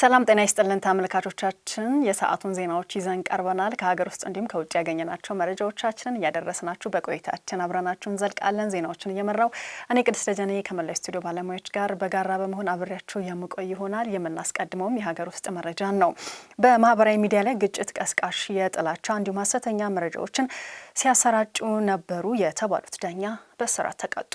ሰላም ጤና ይስጥልን ተመልካቾቻችን፣ የሰዓቱን ዜናዎች ይዘን ቀርበናል። ከሀገር ውስጥ እንዲሁም ከውጭ ያገኘናቸው መረጃዎቻችንን እያደረስናችሁ በቆይታችን አብረናችሁ እንዘልቃለን። ዜናዎችን እየመራው እኔ ቅድስት ደጀኔ ከመላው ስቱዲዮ ባለሙያዎች ጋር በጋራ በመሆን አብሬያችሁ የምቆይ ይሆናል። የምናስቀድመውም የሀገር ውስጥ መረጃን ነው። በማህበራዊ ሚዲያ ላይ ግጭት ቀስቃሽ የጥላቻ እንዲሁም ሀሰተኛ መረጃዎችን ሲያሰራጩ ነበሩ የተባሉት ዳኛ በእስራት ተቀጡ።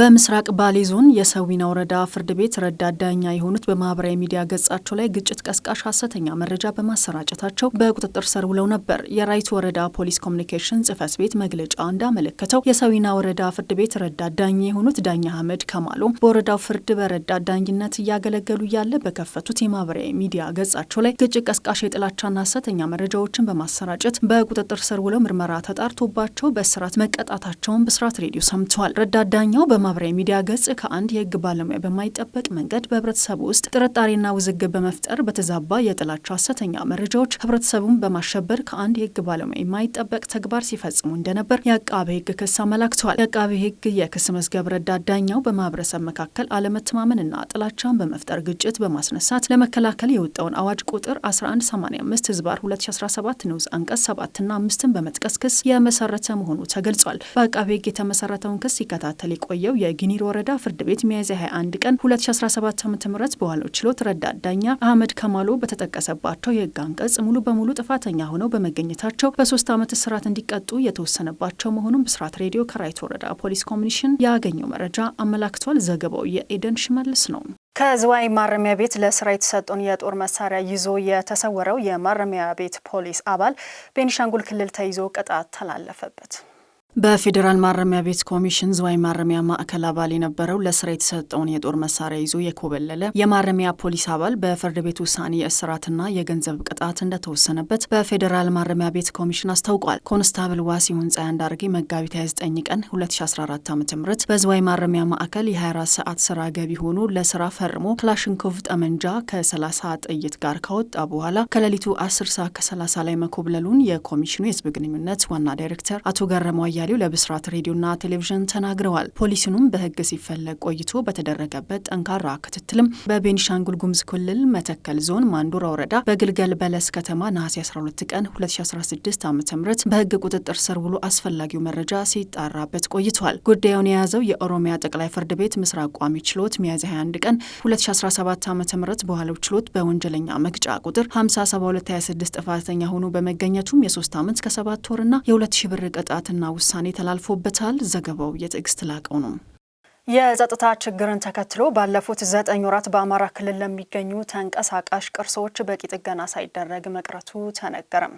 በምስራቅ ባሌ ዞን የሰዊና ወረዳ ፍርድ ቤት ረዳት ዳኛ የሆኑት በማህበራዊ ሚዲያ ገጻቸው ላይ ግጭት ቀስቃሽ ሀሰተኛ መረጃ በማሰራጨታቸው በቁጥጥር ስር ውለው ነበር። የራይቱ ወረዳ ፖሊስ ኮሚኒኬሽን ጽህፈት ቤት መግለጫ እንዳመለከተው የሰዊና ወረዳ ፍርድ ቤት ረዳት ዳኛ የሆኑት ዳኛ አህመድ ከማሎ በወረዳው ፍርድ በረዳት ዳኝነት እያገለገሉ እያለ በከፈቱት የማህበራዊ ሚዲያ ገጻቸው ላይ ግጭት ቀስቃሽ የጥላቻና ሀሰተኛ መረጃዎችን በማሰራጨት በቁጥጥር ስር ውለው ምርመራ ተጣርቶባቸው በእስራት መቀጣታቸውን ብስራት ሬዲዮ ሰምተዋል። ረዳት ዳኛው በማህበራዊ ሚዲያ ገጽ ከአንድ የህግ ባለሙያ በማይጠበቅ መንገድ በህብረተሰቡ ውስጥ ጥርጣሬና ውዝግብ በመፍጠር በተዛባ የጥላቻ ሐሰተኛ መረጃዎች ህብረተሰቡን በማሸበር ከአንድ የህግ ባለሙያ የማይጠበቅ ተግባር ሲፈጽሙ እንደነበር የአቃቤ ህግ ክስ አመላክተዋል። የአቃቤ ህግ የክስ መዝገብ ረዳት ዳኛው በማህበረሰብ መካከል አለመተማመንና ጥላቻን በመፍጠር ግጭት በማስነሳት ለመከላከል የወጣውን አዋጅ ቁጥር 1185 ህዝባር 2017 ንዑስ አንቀጽ 7ና 5ን በመጥቀስ ክስ የመሰረተ መሆኑ ተገልጿል። በአቃቤ ህግ የተመሰረተውን ክስ ሲከታተል የቆየው የዛሬው የጊኒር ወረዳ ፍርድ ቤት ሚያዝያ 21 ቀን 2017 ዓ ም በዋለው ችሎት ረዳት ዳኛ አህመድ ከማሎ በተጠቀሰባቸው የህግ አንቀጽ ሙሉ በሙሉ ጥፋተኛ ሆነው በመገኘታቸው በሶስት ዓመት እስራት እንዲቀጡ የተወሰነባቸው መሆኑን ብስራት ሬዲዮ ከራይት ወረዳ ፖሊስ ኮሚሽን ያገኘው መረጃ አመላክቷል። ዘገባው የኤደን ሽመልስ ነው። ከዝዋይ ማረሚያ ቤት ለስራ የተሰጠውን የጦር መሳሪያ ይዞ የተሰወረው የማረሚያ ቤት ፖሊስ አባል ቤኒሻንጉል ክልል ተይዞ ቅጣት ተላለፈበት። በፌዴራል ማረሚያ ቤት ኮሚሽን ዝዋይ ማረሚያ ማዕከል አባል የነበረው ለስራ የተሰጠውን የጦር መሳሪያ ይዞ የኮበለለ የማረሚያ ፖሊስ አባል በፍርድ ቤት ውሳኔ የእስራትና የገንዘብ ቅጣት እንደተወሰነበት በፌዴራል ማረሚያ ቤት ኮሚሽን አስታውቋል። ኮንስታብል ዋሲሁን ፀሐይ አንዳርጌ መጋቢት 29 ቀን 2014 ዓ ም በዝዋይ ማረሚያ ማዕከል የ24 ሰዓት ስራ ገቢ ሆኖ ለስራ ፈርሞ ክላሽንኮቭ ጠመንጃ ከ30 ጥይት ጋር ካወጣ በኋላ ከሌሊቱ 10 ሰዓት ከ30 ላይ መኮብለሉን የኮሚሽኑ የህዝብ ግንኙነት ዋና ዳይሬክተር አቶ ገረመ አያሌው ለብስራት ሬዲዮና ቴሌቪዥን ተናግረዋል። ፖሊሲኑም በሕግ ሲፈለግ ቆይቶ በተደረገበት ጠንካራ ክትትልም በቤኒሻንጉል ጉሙዝ ክልል መተከል ዞን ማንዱራ ወረዳ በግልገል በለስ ከተማ ነሐሴ 12 ቀን 2016 ዓ ም በሕግ ቁጥጥር ስር ውሎ አስፈላጊው መረጃ ሲጣራበት ቆይቷል። ጉዳዩን የያዘው የኦሮሚያ ጠቅላይ ፍርድ ቤት ምስራቅ ቋሚ ችሎት ሚያዝያ 21 ቀን 2017 ዓ ም በኋላው ችሎት በወንጀለኛ መግጫ ቁጥር 57226 ጥፋተኛ ሆኖ በመገኘቱም የሶስት ዓመት ከሰባት ወርና የሁለት ሺ ብር ቅጣትና ውሳ ውሳኔ ተላልፎበታል። ዘገባው የትዕግስት ላቀው ነው። የጸጥታ ችግርን ተከትሎ ባለፉት ዘጠኝ ወራት በአማራ ክልል ለሚገኙ ተንቀሳቃሽ ቅርሶች በቂ ጥገና ሳይደረግ መቅረቱ ተነገረም።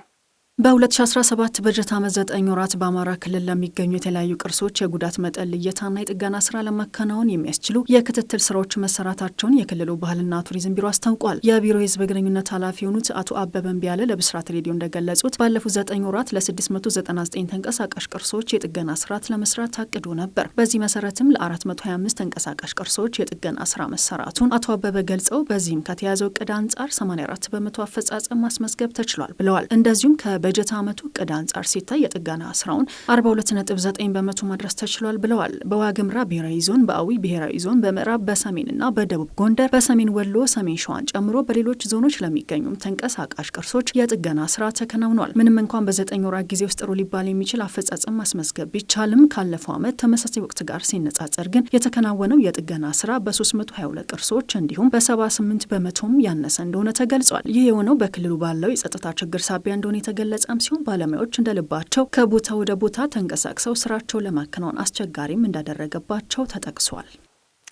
በ2017 በጀት ዓመት ዘጠኝ ወራት በአማራ ክልል ለሚገኙ የተለያዩ ቅርሶች የጉዳት መጠን ልየታና የጥገና ስራ ለማከናወን የሚያስችሉ የክትትል ስራዎች መሰራታቸውን የክልሉ ባህልና ቱሪዝም ቢሮ አስታውቋል። የቢሮ የህዝብ ግንኙነት ኃላፊ የሆኑት አቶ አበበን ቢያለ ለብስራት ሬዲዮ እንደገለጹት ባለፉት ዘጠኝ ወራት ለ699 ተንቀሳቃሽ ቅርሶች የጥገና ስርዓት ለመስራት ታቅዶ ነበር። በዚህ መሰረትም ለ425 ተንቀሳቃሽ ቅርሶች የጥገና ስራ መሰራቱን አቶ አበበ ገልጸው በዚህም ከተያዘው እቅድ አንጻር 84 በመቶ አፈጻጸም ማስመዝገብ ተችሏል ብለዋል። እንደዚሁም ከበጀት ዓመቱ እቅድ አንጻር ሲታይ የጥገና ስራውን 42.9 በመቶ ማድረስ ተችሏል ብለዋል። በዋግምራ ብሔራዊ ዞን፣ በአዊ ብሔራዊ ዞን፣ በምዕራብ በሰሜንና በደቡብ ጎንደር፣ በሰሜን ወሎ፣ ሰሜን ሸዋን ጨምሮ በሌሎች ዞኖች ለሚገኙም ተንቀሳቃሽ ቅርሶች የጥገና ስራ ተከናውኗል። ምንም እንኳን በዘጠኝ ወራት ጊዜ ውስጥ ጥሩ ሊባል የሚችል አፈጻጸም ማስመዝገብ ቢቻልም ካለፈው ዓመት ተመሳሳይ ወቅት ጋር ሲነጻጸር ግን የተከናወነው የጥገና ስራ በ322 ቅርሶች እንዲሁም በ78 በመቶም ያነሰ እንደሆነ ተገልጿል። ይህ የሆነው በክልሉ ባለው የጸጥታ ችግር ሳቢያ እንደሆነ የተገለ የተገለጸም ሲሆን ባለሙያዎች እንደልባቸው ከቦታ ወደ ቦታ ተንቀሳቅሰው ስራቸው ለማከናወን አስቸጋሪም እንዳደረገባቸው ተጠቅሷል።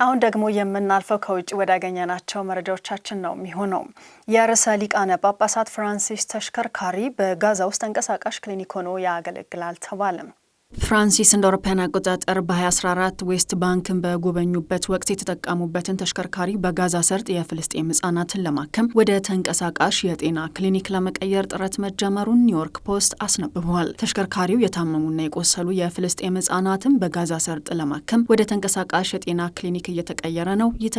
አሁን ደግሞ የምናልፈው ከውጭ ወዳገኘናቸው መረጃዎቻችን ነው የሚሆነው። የርዕሰ ሊቃነ ጳጳሳት ፍራንሲስ ተሽከርካሪ በጋዛ ውስጥ ተንቀሳቃሽ ክሊኒክ ሆኖ ያገለግላል ተባለም። ፍራንሲስ እንደ አውሮፓውያን አቆጣጠር በ2014 ዌስት ባንክን በጎበኙበት ወቅት የተጠቀሙበትን ተሽከርካሪ በጋዛ ሰርጥ የፍልስጤም ህጻናትን ለማከም ወደ ተንቀሳቃሽ የጤና ክሊኒክ ለመቀየር ጥረት መጀመሩን ኒውዮርክ ፖስት አስነብበዋል። ተሽከርካሪው የታመሙና የቆሰሉ የፍልስጤም ህጻናትን በጋዛ ሰርጥ ለማከም ወደ ተንቀሳቃሽ የጤና ክሊኒክ እየተቀየረ ነው። ይህ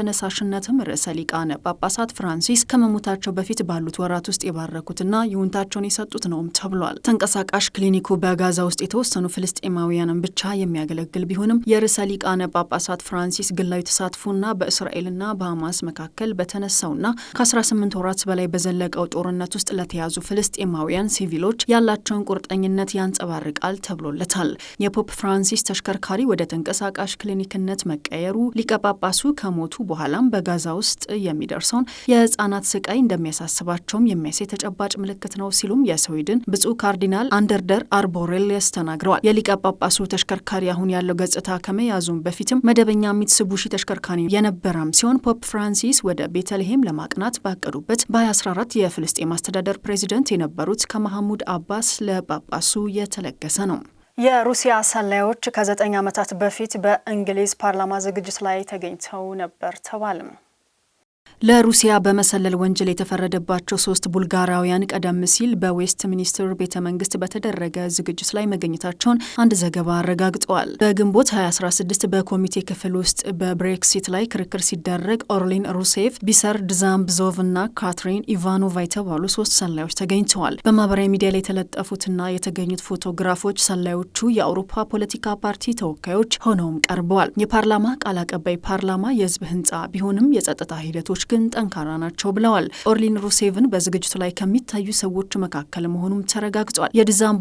ርዕሰ ሊቃነ ጳጳሳት ፍራንሲስ ከመሞታቸው በፊት ባሉት ወራት ውስጥ የባረኩትና ይሁንታቸውን የሰጡት ነውም ተብሏል። ተንቀሳቃሽ ክሊኒኩ በጋዛ ውስጥ የተወሰኑ ፍልስጤ ፍልስጤማውያንን ብቻ የሚያገለግል ቢሆንም የርዕሰ ሊቃነ ጳጳሳት ፍራንሲስ ግላዊ ተሳትፎና በእስራኤልና በሐማስ መካከል በተነሳውና ከ18 ወራት በላይ በዘለቀው ጦርነት ውስጥ ለተያዙ ፍልስጤማውያን ሲቪሎች ያላቸውን ቁርጠኝነት ያንጸባርቃል ተብሎለታል። የፖፕ ፍራንሲስ ተሽከርካሪ ወደ ተንቀሳቃሽ ክሊኒክነት መቀየሩ ሊቀ ጳጳሱ ከሞቱ በኋላም በጋዛ ውስጥ የሚደርሰውን የህጻናት ስቃይ እንደሚያሳስባቸውም የሚያሳይ ተጨባጭ ምልክት ነው ሲሉም የስዊድን ብፁዕ ካርዲናል አንደርደር አርቦሬልስ ተናግረዋል። የሊቀ ጳጳሱ ተሽከርካሪ አሁን ያለው ገጽታ ከመያዙም በፊትም መደበኛ ሚትስቡሺ ተሽከርካሪ የነበረም ሲሆን ፖፕ ፍራንሲስ ወደ ቤተልሔም ለማቅናት ባቀዱበት በ2014 የፍልስጤም አስተዳደር ፕሬዚደንት የነበሩት ከመሐሙድ አባስ ለጳጳሱ የተለገሰ ነው። የሩሲያ ሰላዮች ከዘጠኝ ዓመታት በፊት በእንግሊዝ ፓርላማ ዝግጅት ላይ ተገኝተው ነበር ተባልም ለሩሲያ በመሰለል ወንጀል የተፈረደባቸው ሶስት ቡልጋራውያን ቀደም ሲል በዌስት ሚኒስትር ቤተ መንግስት በተደረገ ዝግጅት ላይ መገኘታቸውን አንድ ዘገባ አረጋግጠዋል። በግንቦት 2016 በኮሚቴ ክፍል ውስጥ በብሬክሲት ላይ ክርክር ሲደረግ ኦርሊን ሩሴቭ፣ ቢሰር ድዛምብዞቭ እና ካትሪን ኢቫኖቫ የተባሉ ሶስት ሰላዮች ተገኝተዋል። በማህበራዊ ሚዲያ ላይ የተለጠፉትና የተገኙት ፎቶግራፎች ሰላዮቹ የአውሮፓ ፖለቲካ ፓርቲ ተወካዮች ሆነውም ቀርበዋል። የፓርላማ ቃል አቀባይ ፓርላማ የህዝብ ህንጻ ቢሆንም የጸጥታ ሂደቶች ሰዎች ግን ጠንካራ ናቸው ብለዋል። ኦርሊን ሩሴቭን በዝግጅቱ ላይ ከሚታዩ ሰዎች መካከል መሆኑም ተረጋግጧል።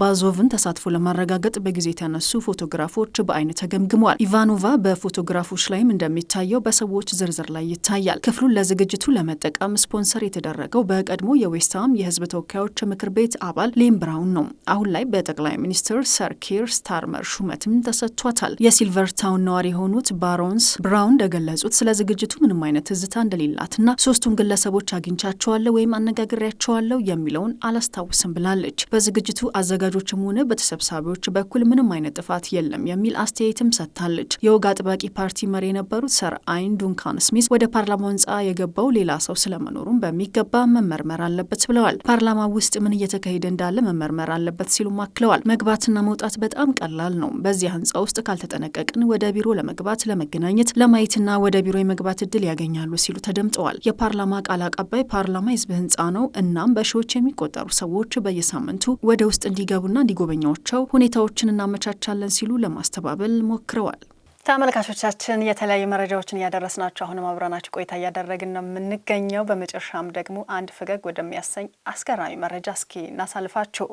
ባዞቭን ተሳትፎ ለማረጋገጥ በጊዜ የተነሱ ፎቶግራፎች በአይን ተገምግመዋል። ኢቫኖቫ በፎቶግራፎች ላይም እንደሚታየው በሰዎች ዝርዝር ላይ ይታያል። ክፍሉን ለዝግጅቱ ለመጠቀም ስፖንሰር የተደረገው በቀድሞ የዌስትሃም የህዝብ ተወካዮች ምክር ቤት አባል ሌም ብራውን ነው። አሁን ላይ በጠቅላይ ሚኒስትር ሰር ስታርመር ሹመትም ተሰጥቷታል። የሲልቨርታውን ነዋሪ የሆኑት ባሮንስ ብራውን እንደገለጹት ስለ ዝግጅቱ ምንም አይነት ትዝታ እንደሌለ ናትና ሶስቱን ግለሰቦች አግኝቻቸዋለሁ ወይም አነጋግሬያቸዋለሁ የሚለውን አላስታውስም ብላለች። በዝግጅቱ አዘጋጆችም ሆነ በተሰብሳቢዎች በኩል ምንም አይነት ጥፋት የለም የሚል አስተያየትም ሰጥታለች። የወግ አጥባቂ ፓርቲ መሪ የነበሩት ሰር አይን ዱንካን ስሚዝ ወደ ፓርላማው ህንፃ የገባው ሌላ ሰው ስለመኖሩም በሚገባ መመርመር አለበት ብለዋል። ፓርላማ ውስጥ ምን እየተካሄደ እንዳለ መመርመር አለበት ሲሉም አክለዋል። መግባትና መውጣት በጣም ቀላል ነው። በዚያ ህንፃ ውስጥ ካልተጠነቀቅን ወደ ቢሮ ለመግባት ለመገናኘት፣ ለማየትና ወደ ቢሮ የመግባት እድል ያገኛሉ ሲሉ ተደምጠዋል። ተቀምጠዋል። የፓርላማ ቃል አቀባይ ፓርላማ የህዝብ ህንፃ ነው፣ እናም በሺዎች የሚቆጠሩ ሰዎች በየሳምንቱ ወደ ውስጥ እንዲገቡና እንዲጎበኛቸው ሁኔታዎችን እናመቻቻለን ሲሉ ለማስተባበል ሞክረዋል። ተመልካቾቻችን የተለያዩ መረጃዎችን እያደረስናቸው አሁንም አብረናችሁ ቆይታ እያደረግን ነው የምንገኘው። በመጨረሻም ደግሞ አንድ ፈገግ ወደሚያሰኝ አስገራሚ መረጃ እስኪ እናሳልፋችሁ።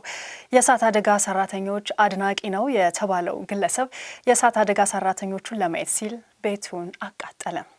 የእሳት አደጋ ሰራተኞች አድናቂ ነው የተባለው ግለሰብ የእሳት አደጋ ሰራተኞቹን ለማየት ሲል ቤቱን አቃጠለም።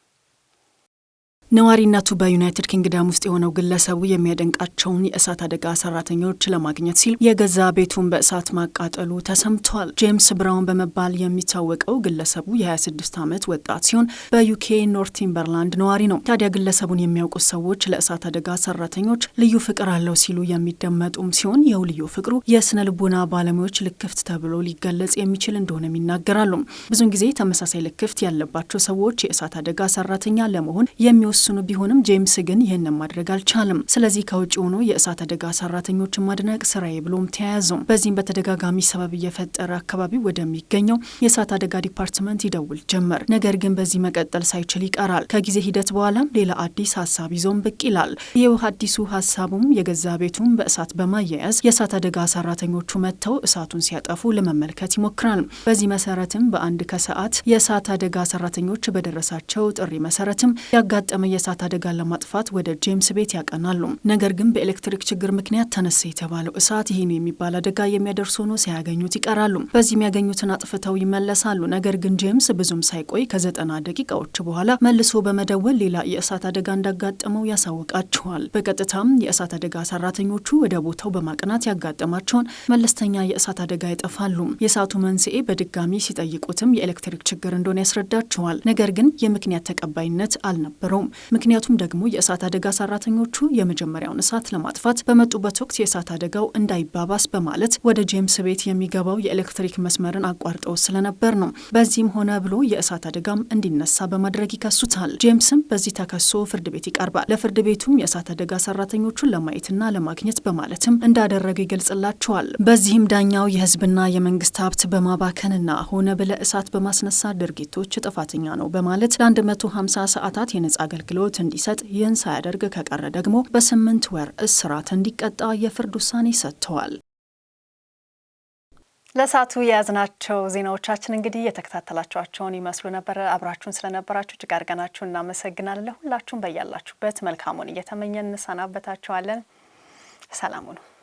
ነዋሪነቱ በዩናይትድ ኪንግደም ውስጥ የሆነው ግለሰቡ የሚያደንቃቸውን የእሳት አደጋ ሰራተኞች ለማግኘት ሲል የገዛ ቤቱን በእሳት ማቃጠሉ ተሰምቷል። ጄምስ ብራውን በመባል የሚታወቀው ግለሰቡ የ26 ዓመት ወጣት ሲሆን በዩኬ ኖርቲምበርላንድ ነዋሪ ነው። ታዲያ ግለሰቡን የሚያውቁት ሰዎች ለእሳት አደጋ ሰራተኞች ልዩ ፍቅር አለው ሲሉ የሚደመጡም ሲሆን ይኸው ልዩ ፍቅሩ የስነ ልቦና ባለሙያዎች ልክፍት ተብሎ ሊገለጽ የሚችል እንደሆነም ይናገራሉ። ብዙን ጊዜ ተመሳሳይ ልክፍት ያለባቸው ሰዎች የእሳት አደጋ ሰራተኛ ለመሆን የሚወስ የተወሰኑ ቢሆንም ጄምስ ግን ይህንን ማድረግ አልቻለም። ስለዚህ ከውጭ ሆኖ የእሳት አደጋ ሰራተኞችን ማድነቅ ስራዬ ብሎም ተያያዘው። በዚህም በተደጋጋሚ ሰበብ እየፈጠረ አካባቢ ወደሚገኘው የእሳት አደጋ ዲፓርትመንት ይደውል ጀመር። ነገር ግን በዚህ መቀጠል ሳይችል ይቀራል። ከጊዜ ሂደት በኋላም ሌላ አዲስ ሀሳብ ይዞም ብቅ ይላል። ይኸው አዲሱ ሀሳቡም የገዛ ቤቱን በእሳት በማያያዝ የእሳት አደጋ ሰራተኞቹ መጥተው እሳቱን ሲያጠፉ ለመመልከት ይሞክራል። በዚህ መሰረትም በአንድ ከሰዓት የእሳት አደጋ ሰራተኞች በደረሳቸው ጥሪ መሰረትም ያጋጠመ የእሳት አደጋን ለማጥፋት ወደ ጄምስ ቤት ያቀናሉ። ነገር ግን በኤሌክትሪክ ችግር ምክንያት ተነሳ የተባለው እሳት ይህን የሚባል አደጋ የሚያደርስ ሆኖ ሳያገኙት ይቀራሉ። በዚህ የሚያገኙትን አጥፍተው ይመለሳሉ። ነገር ግን ጄምስ ብዙም ሳይቆይ ከዘጠና ደቂቃዎች በኋላ መልሶ በመደወል ሌላ የእሳት አደጋ እንዳጋጠመው ያሳውቃቸዋል። በቀጥታም የእሳት አደጋ ሰራተኞቹ ወደ ቦታው በማቅናት ያጋጠማቸውን መለስተኛ የእሳት አደጋ ይጠፋሉ። የእሳቱ መንስኤ በድጋሚ ሲጠይቁትም የኤሌክትሪክ ችግር እንደሆነ ያስረዳቸዋል። ነገር ግን የምክንያት ተቀባይነት አልነበረውም። ምክንያቱም ደግሞ የእሳት አደጋ ሰራተኞቹ የመጀመሪያውን እሳት ለማጥፋት በመጡበት ወቅት የእሳት አደጋው እንዳይባባስ በማለት ወደ ጄምስ ቤት የሚገባው የኤሌክትሪክ መስመርን አቋርጠው ስለነበር ነው። በዚህም ሆነ ብሎ የእሳት አደጋም እንዲነሳ በማድረግ ይከሱታል። ጄምስም በዚህ ተከሶ ፍርድ ቤት ይቀርባል። ለፍርድ ቤቱም የእሳት አደጋ ሰራተኞቹን ለማየትና ለማግኘት በማለትም እንዳደረገ ይገልጽላቸዋል። በዚህም ዳኛው የህዝብና የመንግስት ሀብት በማባከንና ሆነ ብለ እሳት በማስነሳት ድርጊቶች ጥፋተኛ ነው በማለት ለ150 ሰዓታት የነጻ አገልግሎት እንዲሰጥ ይህን ሳያደርግ ከቀረ ደግሞ በስምንት ወር እስራት እንዲቀጣ የፍርድ ውሳኔ ሰጥተዋል። ለሳቱ የያዝናቸው ዜናዎቻችን እንግዲህ የተከታተላችኋቸውን ይመስሉ ነበር። አብራችሁን ስለነበራችሁ እጅግ አድርገናችሁ እናመሰግናለን። ሁላችሁም በያላችሁበት መልካሙን እየተመኘን እንሰናበታችኋለን። ሰላሙ ነው።